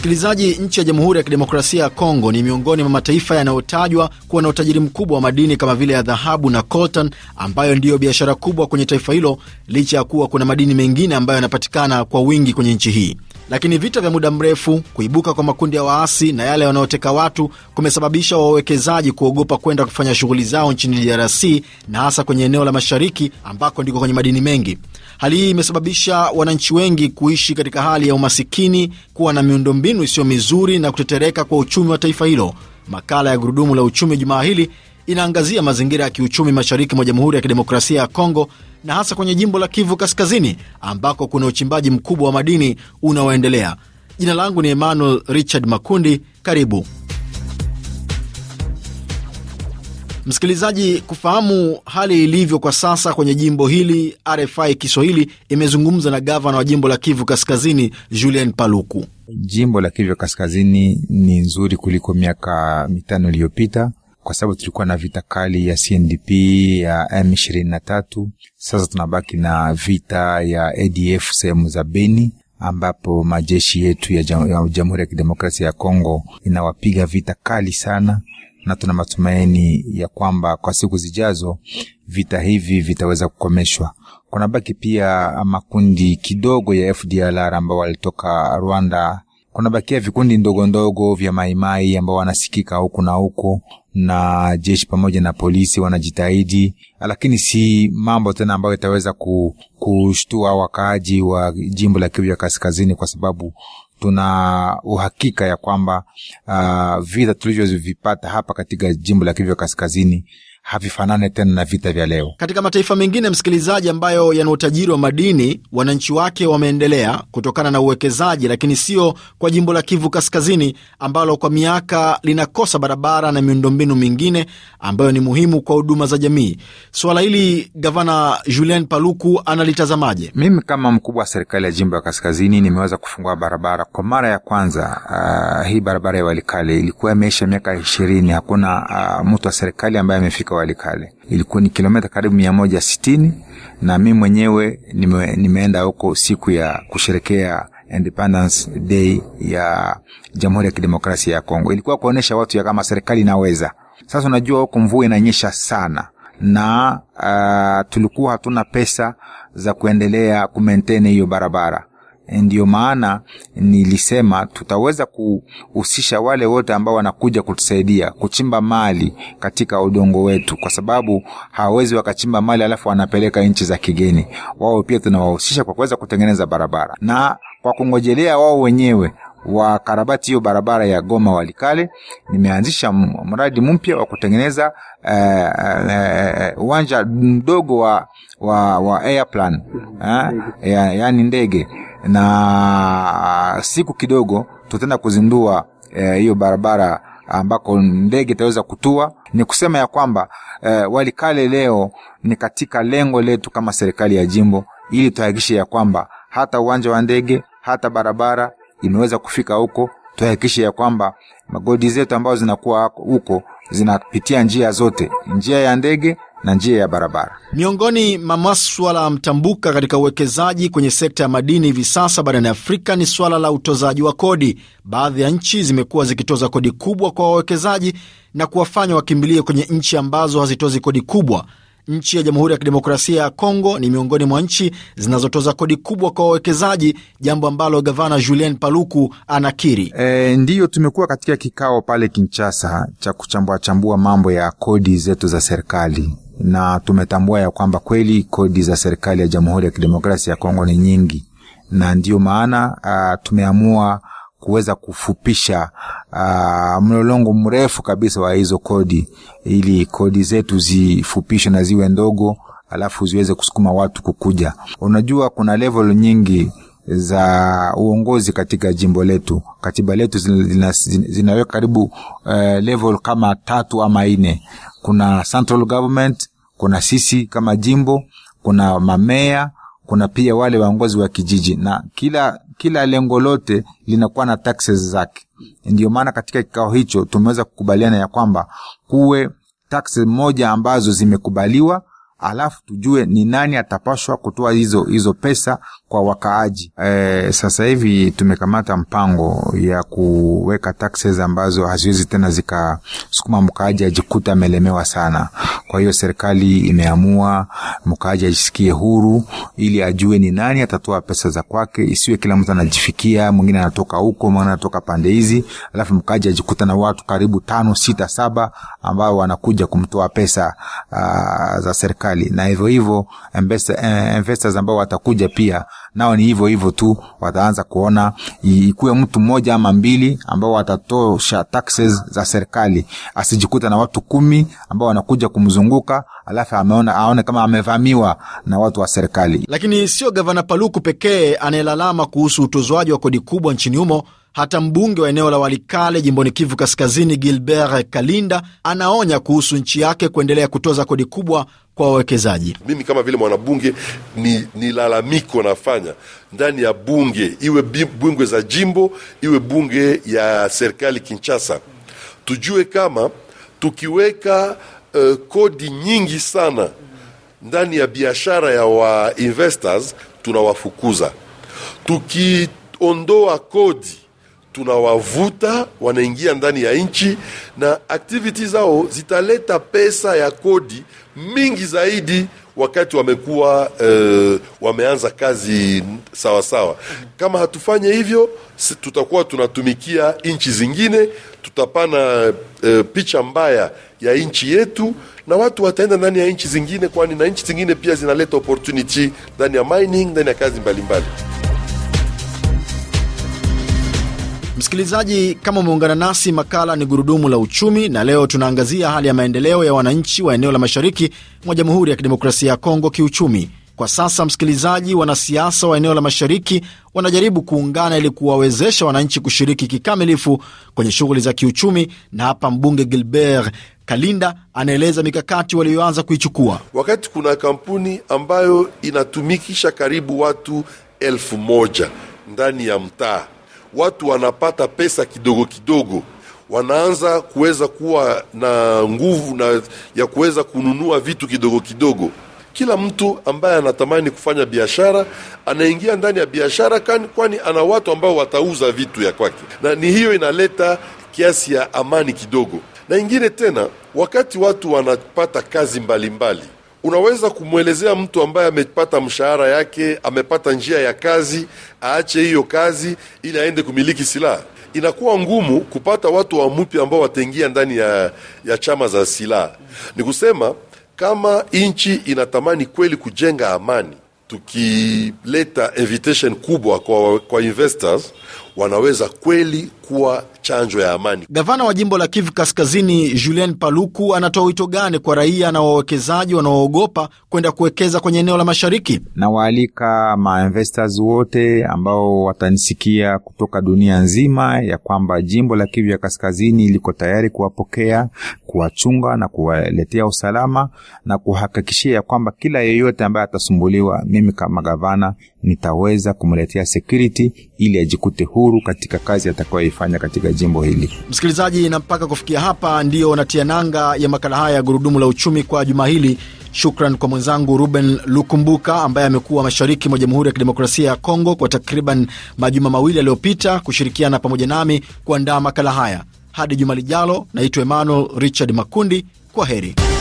Msikilizaji, nchi ya Jamhuri ya Kidemokrasia ya Kongo ni miongoni mwa mataifa yanayotajwa kuwa na utajiri mkubwa wa madini kama vile ya dhahabu na coltan, ambayo ndiyo biashara kubwa kwenye taifa hilo, licha ya kuwa kuna madini mengine ambayo yanapatikana kwa wingi kwenye nchi hii. Lakini vita vya muda mrefu, kuibuka kwa makundi ya waasi na yale wanaoteka watu kumesababisha wawekezaji kuogopa kwenda kufanya shughuli zao nchini DRC na hasa kwenye eneo la mashariki ambako ndiko kwenye madini mengi. Hali hii imesababisha wananchi wengi kuishi katika hali ya umasikini, kuwa na miundombinu isiyo mizuri na kutetereka kwa uchumi wa taifa hilo. Makala ya Gurudumu la Uchumi jumaa hili inaangazia mazingira ya kiuchumi mashariki mwa Jamhuri ya Kidemokrasia ya Kongo na hasa kwenye jimbo la Kivu Kaskazini ambako kuna uchimbaji mkubwa wa madini unaoendelea. Jina langu ni Emmanuel Richard Makundi. Karibu. Msikilizaji, kufahamu hali ilivyo kwa sasa kwenye jimbo hili, RFI Kiswahili imezungumza na gavana wa jimbo la Kivu Kaskazini, Julien Paluku. Jimbo la Kivu Kaskazini ni nzuri kuliko miaka mitano iliyopita kwa sababu tulikuwa na vita kali ya CNDP ya M23. Sasa tunabaki na vita ya ADF sehemu za Beni, ambapo majeshi yetu ya Jamhuri ya Kidemokrasia ya Kongo inawapiga vita kali sana na tuna matumaini ya kwamba kwa siku zijazo vita hivi vitaweza kukomeshwa. Kuna baki pia makundi kidogo ya FDLR ambao walitoka Rwanda. Kuna bakia vikundi ndogo ndogo vya maimai ambao wanasikika huku na huku, na jeshi pamoja na polisi wanajitahidi, lakini si mambo tena ambayo itaweza kushtua wakaaji wa jimbo la Kivu ya Kaskazini, kwa sababu tuna uhakika ya kwamba uh, vita tulivyovipata hapa katika jimbo la Kivu Kaskazini havifanane tena na vita vya leo. Katika mataifa mengine, msikilizaji, ambayo yana utajiri wa madini, wananchi wake wameendelea kutokana na uwekezaji, lakini sio kwa jimbo la Kivu Kaskazini ambalo kwa miaka linakosa barabara na miundombinu mingine ambayo ni muhimu kwa huduma za jamii. Suala hili gavana Julien Paluku analitazamaje? Mimi kama mkubwa wa serikali ya jimbo ya kaskazini nimeweza kufungua barabara kwa mara ya kwanza. Uh, hii barabara ya Walikale ilikuwa imeisha miaka ishirini, hakuna uh, mtu wa serikali ambaye amefika katika Walikale. Ilikuwa ni kilomita karibu mia moja sitini na mi mwenyewe nime, nimeenda huko siku ya kusherekea Independence Day ya Jamhuri ya Kidemokrasia ya Kongo. Ilikuwa kuonesha watu ya kama serikali inaweza. Sasa unajua huko mvua inanyesha sana na uh, tulikuwa hatuna pesa za kuendelea kumaintain hiyo barabara E, Ndiyo maana nilisema tutaweza kuhusisha wale wote ambao wanakuja kutusaidia kuchimba mali katika udongo wetu, kwa sababu hawawezi wakachimba mali alafu wanapeleka nchi za kigeni. Wao pia tunawahusisha kwa kuweza kutengeneza barabara na kwa kungojelea wao wenyewe wa karabati hiyo barabara ya Goma Walikale. Nimeanzisha mradi mpya wa kutengeneza e, e, uwanja uh, uh, mdogo wa, wa, wa airplane uh, ya, yaani ndege na siku kidogo tutaenda kuzindua eh, hiyo e, barabara ambako ndege itaweza kutua. Ni kusema ya kwamba e, Walikale leo ni katika lengo letu kama serikali ya jimbo, ili tuhakikishe ya kwamba hata uwanja wa ndege hata barabara imeweza kufika huko. Tuhakikishe ya kwamba magodi zetu ambazo zinakuwa huko zinapitia njia zote, njia ya ndege na njia ya barabara. Miongoni mwa maswala mtambuka katika uwekezaji kwenye sekta ya madini hivi sasa barani Afrika ni swala la utozaji wa kodi. Baadhi ya nchi zimekuwa zikitoza kodi kubwa kwa wawekezaji na kuwafanya wakimbilie kwenye nchi ambazo hazitozi kodi kubwa. Nchi ya Jamhuri ya Kidemokrasia ya Kongo ni miongoni mwa nchi zinazotoza kodi kubwa kwa wawekezaji, jambo ambalo gavana Julien Paluku anakiri. E, ndiyo tumekuwa katika kikao pale Kinshasa cha kuchambua chambua mambo ya kodi zetu za serikali na tumetambua ya kwamba kweli kodi za serikali ya Jamhuri ya Kidemokrasia ya Kongo ni nyingi, na ndiyo maana uh, tumeamua kuweza kufupisha uh, mlolongo mrefu kabisa wa hizo kodi, ili kodi zetu zifupishwe na ziwe ndogo, alafu ziweze kusukuma watu kukuja. Unajua, kuna level nyingi za uongozi katika jimbo letu. Katiba letu zinaweka zina, zina karibu uh, level kama tatu ama ine. Kuna central government, kuna sisi kama jimbo, kuna mamea kuna pia wale waongozi wa kijiji, na kila kila lengo lote linakuwa na taxes zake. Ndio maana katika kikao hicho tumeweza kukubaliana ya kwamba kuwe taxes moja ambazo zimekubaliwa alafu tujue ni nani atapashwa kutoa hizo hizo pesa kwa wakaaji. E, sasa hivi tumekamata mpango ya kuweka taxes ambazo haziwezi tena zikasukuma mkaaji ajikuta amelemewa sana. Kwa hiyo serikali imeamua mkaaji ajisikie huru, ili ajue ni nani atatoa pesa za kwake, isiwe kila mtu anajifikia, mwingine anatoka huko, mwingine anatoka pande hizi, alafu mkaaji ajikuta na watu karibu tano, sita, saba ambao wanakuja kumtoa pesa aa, ah, za serikali serikali, na hivyo hivyo investors eh, ambao watakuja pia nao ni hivyo hivyo tu, wataanza kuona ikuwe mtu mmoja ama mbili ambao watatosha taxes za serikali, asijikuta na watu kumi ambao wanakuja kumzunguka alafu ameona aone kama amevamiwa na watu wa serikali. Lakini sio gavana Paluku pekee anayelalama kuhusu utozwaji wa kodi kubwa nchini humo. Hata mbunge wa eneo la Walikale jimboni Kivu Kaskazini, Gilbert Kalinda, anaonya kuhusu nchi yake kuendelea kutoza kodi kubwa kwa wawekezaji. Mimi kama vile mwanabunge ni, ni lalamiko nafanya ndani ya bunge, iwe bunge za jimbo, iwe bunge ya serikali Kinshasa, tujue kama tukiweka uh, kodi nyingi sana ndani ya biashara ya wa investors tunawafukuza. Tukiondoa kodi tunawavuta wanaingia ndani ya nchi na aktiviti zao zitaleta pesa ya kodi mingi zaidi wakati wamekuwa e, wameanza kazi sawasawa sawa. Kama hatufanye hivyo tutakuwa tunatumikia nchi zingine, tutapana e, picha mbaya ya nchi yetu, na watu wataenda ndani ya nchi zingine, kwani na nchi zingine pia zinaleta opportunity ndani ya mining, ndani ya kazi mbalimbali mbali. Msikilizaji, kama umeungana nasi, makala ni gurudumu la uchumi, na leo tunaangazia hali ya maendeleo ya wananchi wa eneo la mashariki mwa Jamhuri ya Kidemokrasia ya Kongo kiuchumi. Kwa sasa, msikilizaji, wanasiasa wa eneo la mashariki wanajaribu kuungana ili kuwawezesha wananchi kushiriki kikamilifu kwenye shughuli za kiuchumi, na hapa mbunge Gilbert Kalinda anaeleza mikakati walioanza kuichukua. Wakati kuna kampuni ambayo inatumikisha karibu watu elfu moja ndani ya mtaa watu wanapata pesa kidogo kidogo, wanaanza kuweza kuwa na nguvu na ya kuweza kununua vitu kidogo kidogo. Kila mtu ambaye anatamani kufanya biashara anaingia ndani ya biashara, kwani ana watu ambao watauza vitu ya kwake, na ni hiyo inaleta kiasi ya amani kidogo. Na ingine tena, wakati watu wanapata kazi mbalimbali mbali, unaweza kumwelezea mtu ambaye amepata mshahara yake, amepata njia ya kazi, aache hiyo kazi ili aende kumiliki silaha? Inakuwa ngumu kupata watu wa mpya ambao wataingia ndani ya, ya chama za silaha. Ni kusema kama nchi inatamani kweli kujenga amani, tukileta invitation kubwa kwa, kwa investors wanaweza kweli kuwa chanjo ya amani. Gavana wa jimbo la Kivu Kaskazini Julien Paluku anatoa wito gani kwa raia na wawekezaji wanaoogopa kwenda kuwekeza kwenye eneo la mashariki? Nawaalika mainvestors wote ambao watanisikia kutoka dunia nzima ya kwamba jimbo la Kivu ya Kaskazini liko tayari kuwapokea, kuwachunga na kuwaletea usalama na kuhakikishia ya kwamba kila yeyote ambaye atasumbuliwa, mimi kama gavana nitaweza kumletea security ili ajikute huu huru katika kazi atakayoifanya katika jimbo hili. Msikilizaji, na mpaka kufikia hapa ndiyo natia nanga ya makala haya ya Gurudumu la Uchumi kwa juma hili. Shukran kwa mwenzangu Ruben Lukumbuka ambaye amekuwa mashariki mwa Jamhuri ya Kidemokrasia ya Kongo kwa takriban majuma mawili yaliyopita kushirikiana pamoja nami kuandaa makala haya. Hadi juma lijalo, naitwa Emmanuel Richard Makundi. Kwa heri.